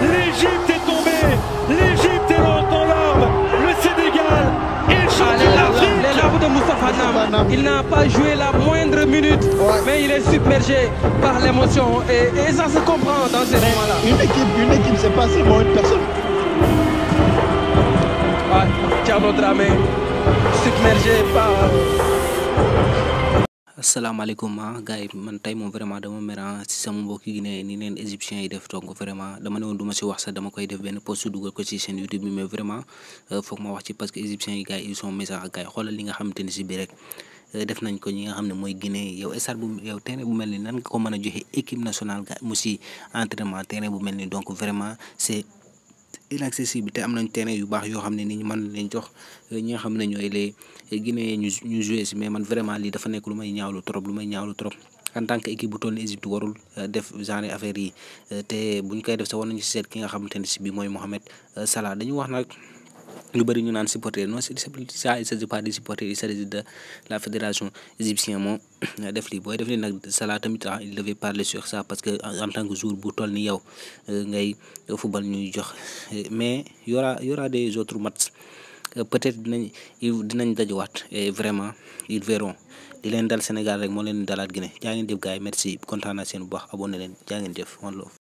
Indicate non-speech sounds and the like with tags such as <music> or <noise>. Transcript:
L'Égypte est tombée. L'Égypte est en larmes. Le Sénégal est champion Les larmes de Moustapha Nam, il n'a pas joué la moindre minute, mais il est submergé par l'émotion. Et, ça se comprend dans ces moments-là. Une équipe, une équipe, c'est pas seulement une personne. Ouais, Dramé, submergé par... assalamualaikum ma ah. gay man tay mom vraiment dama ah. mera ci sama mbokk gi ne ni len égyptien yi def donc vraiment dama ne won duma ci wax sa dama koy def ben post dougal ko ci chaîne youtube bi mais vraiment euh, fokh ma wax ci parce que égyptien yi gay ils sont méchants gay xolal li nga xamanteni ci bi rek def nañ ko ñi nga xamne moy guiné yow essar bu yow téne bu melni nan ko mëna joxé équipe nationale gay mu ci ah, entraînement téne bu melni donc vraiment c'est inaccessible te am nañ terrain yu baax yoo xam ne ni ñu mën leen jox euh, ñu ñu mais man vraiment lii dafa nekk lu may ñaawlu trop lu may ñaawlu trop en tant que bu toll ni Égypte warul euh, def genre affaire yi euh, te buñ koy def sax war nañu si seet ki nga xam ne si bi mooy Mohamed Salah dañu wax nag. lu bëri ñu naan supporter non c'est ça il s'agit pas de supporter il s'agit de la fédération égyptienne moo <clears throat> def lii booy def lii nag Salah tamit ah il devait parler sur ça parce que en tant que joueur bu toll ni yow euh, ngay football ñuy jox eh, mais y aura y aura des autres matchs euh, peut-être dinañ dinañ dajawaat et vraiment ils verront di leen dal Sénégal rek moo leen dalaat Guinée jaa ngeen jëf gars yi merci kontaan naa seen bu baax abonné leen jaa ngeen jëf wan